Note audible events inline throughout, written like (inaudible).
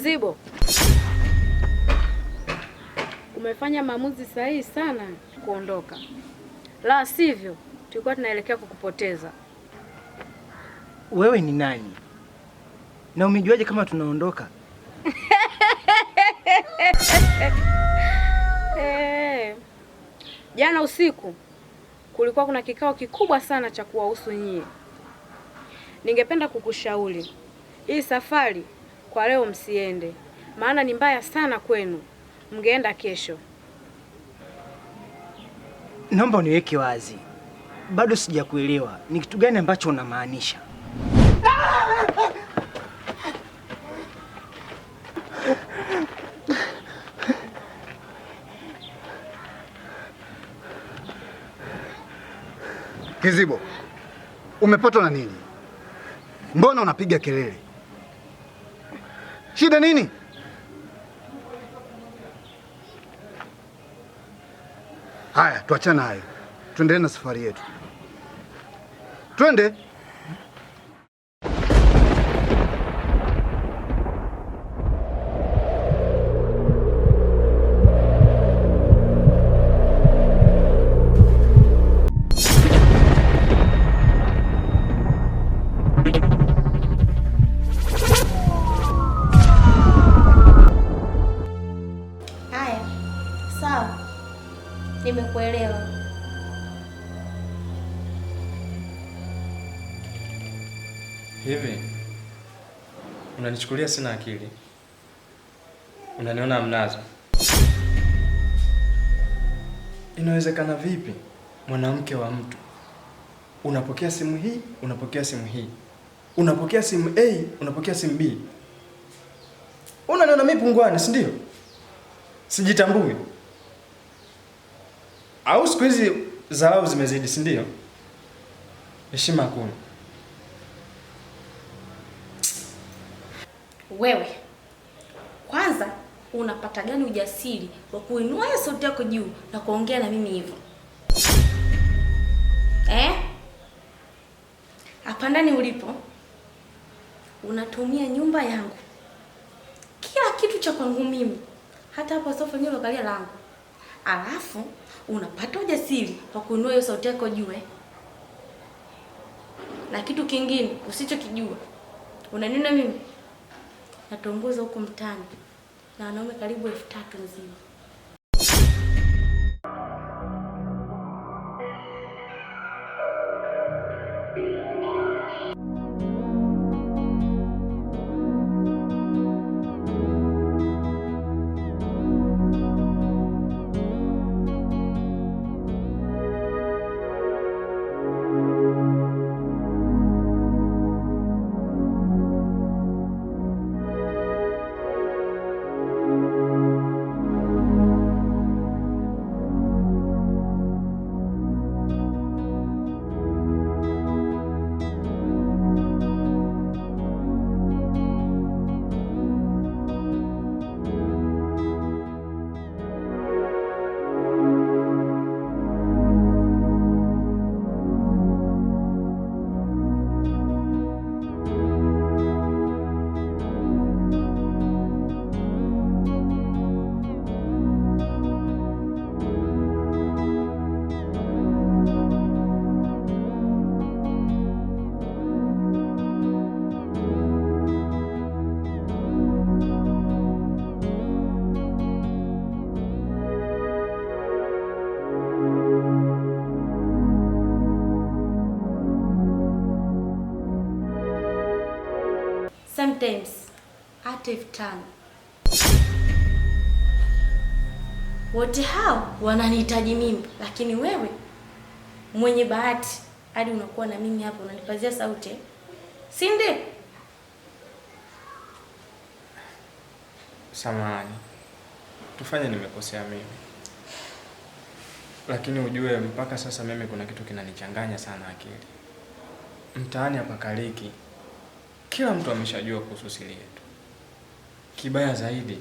Kizibo, umefanya maamuzi sahihi sana kuondoka, la sivyo tulikuwa tunaelekea kukupoteza. Wewe ni nani na umejuaje kama tunaondoka? (laughs) Eh, jana usiku kulikuwa kuna kikao kikubwa sana cha kuwahusu nyie. Ningependa kukushauri hii safari kwa leo msiende, maana ni mbaya sana kwenu, mngeenda kesho. Naomba uniweke wazi, bado sijakuelewa, ni kitu gani ambacho unamaanisha? Kizibo, umepatwa na nini? Mbona unapiga kelele? Shida nini? Haya, tuachana hayo, tuendelee na safari yetu, twende. Hivi unanichukulia sina akili? Unaniona mnazo? Inawezekana vipi mwanamke wa mtu unapokea simu hii, unapokea simu hii, unapokea simu A, unapokea simu B? Unaniona mimi pungwani, si ndio? Sijitambui au siku hizi dharau zimezidi, si ndio? Heshima kuna wewe kwanza unapata gani ujasiri wa kuinua hiyo sauti yako juu na kuongea na mimi hivyo eh? Hapa ndani ulipo unatumia nyumba yangu, kila kitu cha kwangu mimi, hata hapa sofa nyumba lokalia langu, alafu unapata ujasiri wa kuinua hiyo sauti yako juu eh? Na kitu kingine usichokijua unanina mimi natongoza huko mtaani na wanaume karibu elfu tatu nzima. times active tano. Wote hao wananihitaji mimi, lakini wewe mwenye bahati hadi unakuwa na mimi hapo unanipazia sauti, si ndio? Samahani, tufanye nimekosea mimi, lakini ujue mpaka sasa mimi kuna kitu kinanichanganya sana akili. Mtaani hapa Kaliki kila mtu ameshajua kuhusu siri yetu. Kibaya zaidi,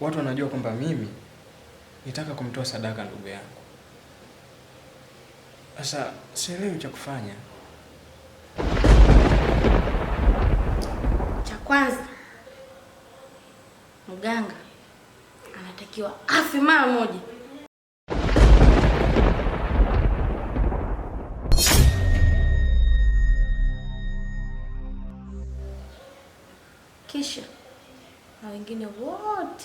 watu wanajua kwamba mimi nitaka kumtoa sadaka ndugu yangu. Sasa sielewi cha kufanya. Cha kwanza, mganga anatakiwa afi mara moja. wengine wote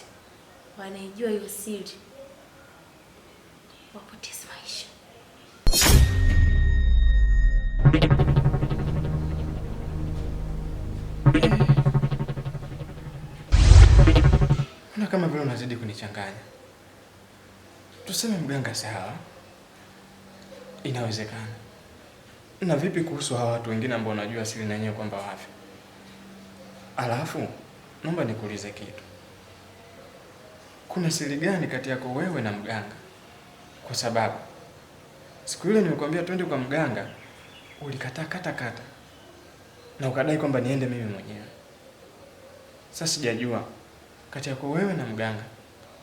wanaijua hiyo siri wapoteze maisha. Na kama vile unazidi kunichanganya, tuseme mganga sawa, inawezekana. Na vipi kuhusu hawa watu wengine ambao unajua siri na yenyewe kwamba wafi? Alafu naomba nikuulize kitu. Kuna siri gani kati yako wewe na mganga? Kwa sababu siku ile nilikwambia twende kwa mganga, ulikataa kata kata na ukadai kwamba niende mimi mwenyewe. Sasa sijajua kati yako wewe na mganga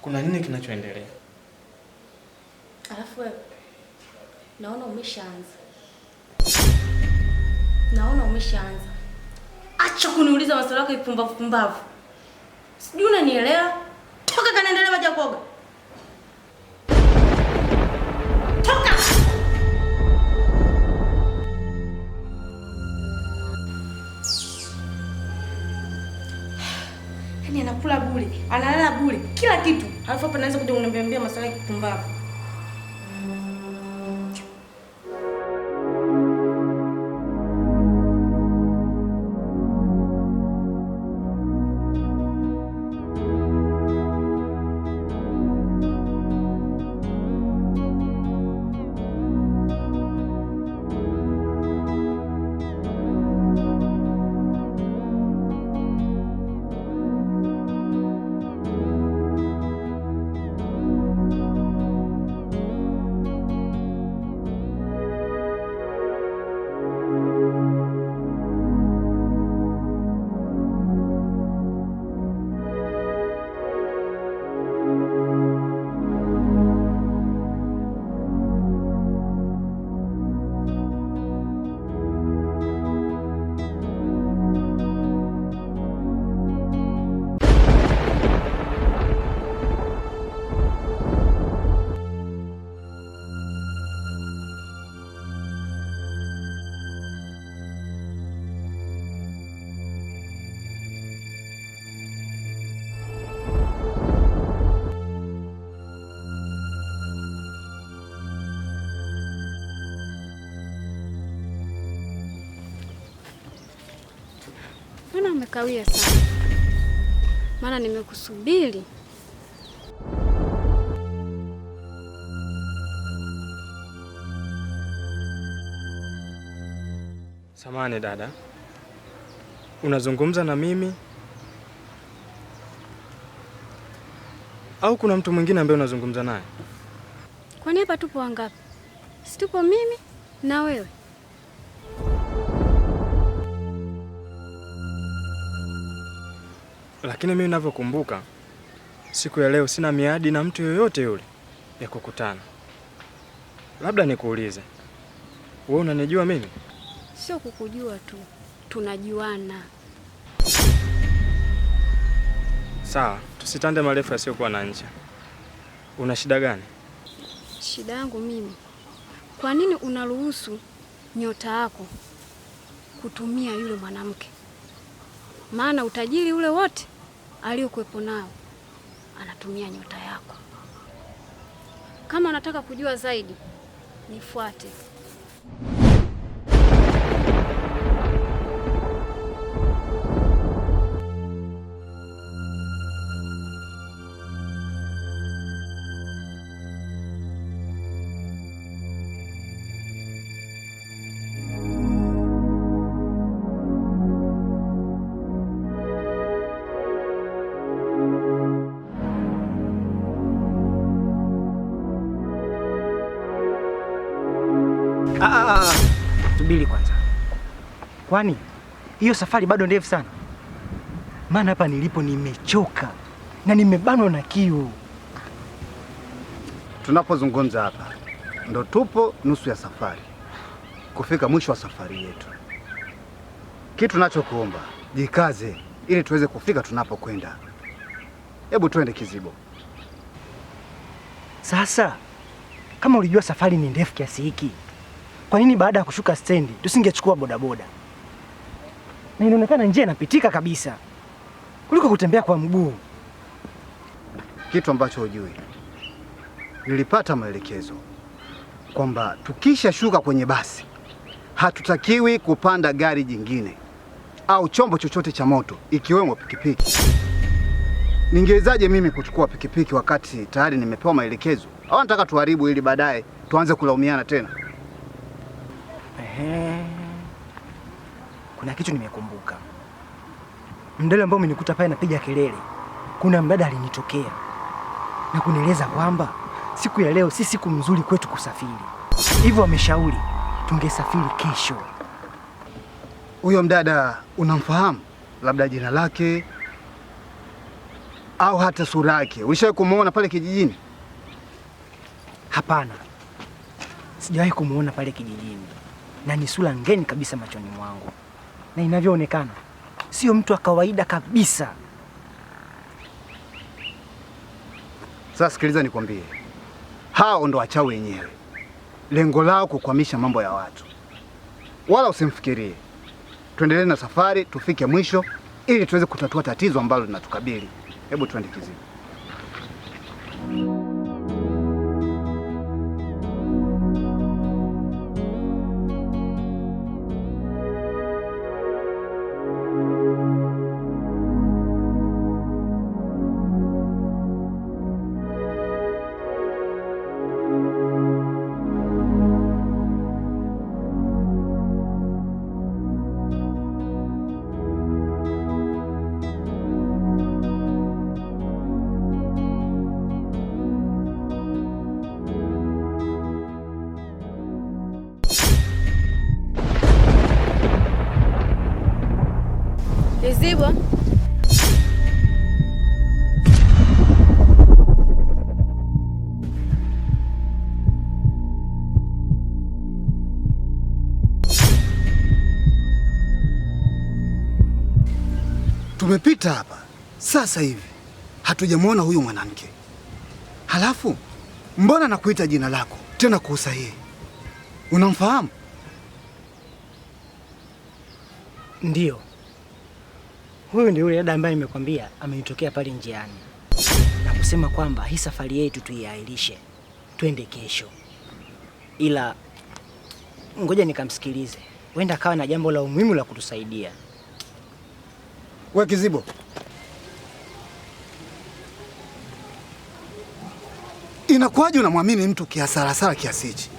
kuna nini kinachoendelea? Alafu wewe naona umeshaanza, naona umeshaanza Acha kuniuliza maswali yako ipumbavu pumbavu. Sijui unanielewa? Toka kanaendelea maji ya kuoga. Toka. (sighs) Yaani anakula bure, analala bure, kila kitu. Alafu hapa naweza kuja kuniambia maswali ya kukawia sana, maana nimekusubiri. Samani dada, unazungumza na mimi au kuna mtu mwingine ambaye unazungumza naye? Kwani hapa tupo wangapi? Si tupo mimi na wewe. Lakini mimi ninavyokumbuka, siku ya leo sina miadi na mtu yoyote yule ya kukutana. Labda nikuulize, wewe unanijua mimi? Sio kukujua tu, tunajuana. Sawa, tusitande marefu yasiyokuwa na ncha. Una shida gani? Shida yangu mimi, kwa nini unaruhusu nyota yako kutumia yule mwanamke? Maana utajiri ule wote aliyokuwepo nao anatumia nyota yako. Kama unataka kujua zaidi, nifuate. Ah, ah, ah, Subiri kwanza, kwani hiyo safari bado ndefu sana? Maana hapa nilipo nimechoka na nimebanwa na kiu. Tunapozungumza hapa ndo tupo nusu ya safari, kufika mwisho wa safari yetu. Kitu nachokuomba jikaze, ili tuweze kufika tunapokwenda. Hebu twende Kizibo. Sasa kama ulijua safari ni ndefu kiasi hiki kwa nini baada ya kushuka stendi tusingechukua bodaboda? Na inaonekana njia inapitika kabisa kuliko kutembea kwa mguu. Kitu ambacho hujui, nilipata maelekezo kwamba tukisha shuka kwenye basi hatutakiwi kupanda gari jingine au chombo chochote cha moto ikiwemo pikipiki. Ningewezaje mimi kuchukua pikipiki wakati tayari nimepewa maelekezo? Au nataka tuharibu ili baadaye tuanze kulaumiana tena? kuna kitu nimekumbuka. Mdada ambao umenikuta pale napiga kelele, kuna mdada alinitokea na kunieleza kwamba siku ya leo si siku mzuri kwetu kusafiri, hivyo ameshauri tungesafiri kesho. Huyo mdada unamfahamu? Labda jina lake au hata sura yake ulishawahi kumwona pale kijijini? Hapana, sijawahi kumwona pale kijijini na ni sura ngeni kabisa machoni mwangu, na inavyoonekana sio mtu wa kawaida kabisa. Sasa sikiliza nikwambie, hao ndo wachawi wenyewe. Lengo lao kukwamisha mambo ya watu, wala usimfikirie. Tuendelee na safari tufike mwisho, ili tuweze kutatua tatizo ambalo linatukabili. Hebu tuende you. Zibwa. Tumepita hapa sasa hivi hatujamwona huyu mwanamke, halafu mbona nakuita jina lako tena kwa usahihi? Unamfahamu? Ndiyo. Huyu ndio yule dada ambaye nimekwambia amenitokea pale njiani na kusema kwamba hii safari yetu tuiahirishe twende kesho, ila ngoja nikamsikilize, wenda kawa na jambo la umuhimu la kutusaidia. We Kizibo, inakuwaje unamwamini mtu kiasarasara kiasi hichi?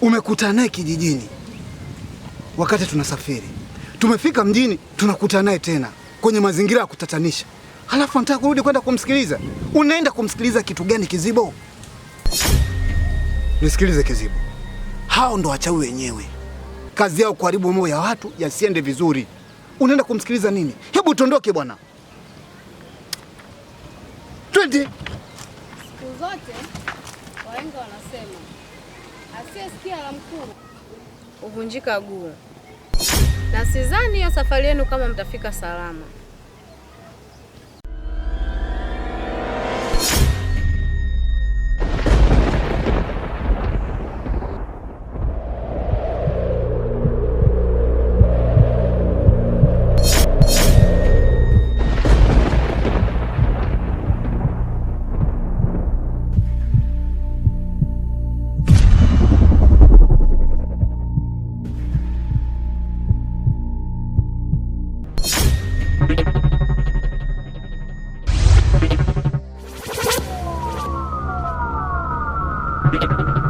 Umekutana naye kijijini wakati tunasafiri Tumefika mjini tunakutana naye tena kwenye mazingira ya kutatanisha, halafu nataka kurudi kwenda kumsikiliza. Unaenda kumsikiliza kitu gani? Kizibo, nisikilize Kizibo, hao ndo wachawi wenyewe, kazi yao kuharibu moyo ya watu yasiende vizuri. Unaenda kumsikiliza nini? Hebu tuondoke bwana, twende. Siku zote wahenga wanasema asiyesikia la mkuu huvunjika guu na sidhani hiyo safari yenu kama mtafika salama. Thank you.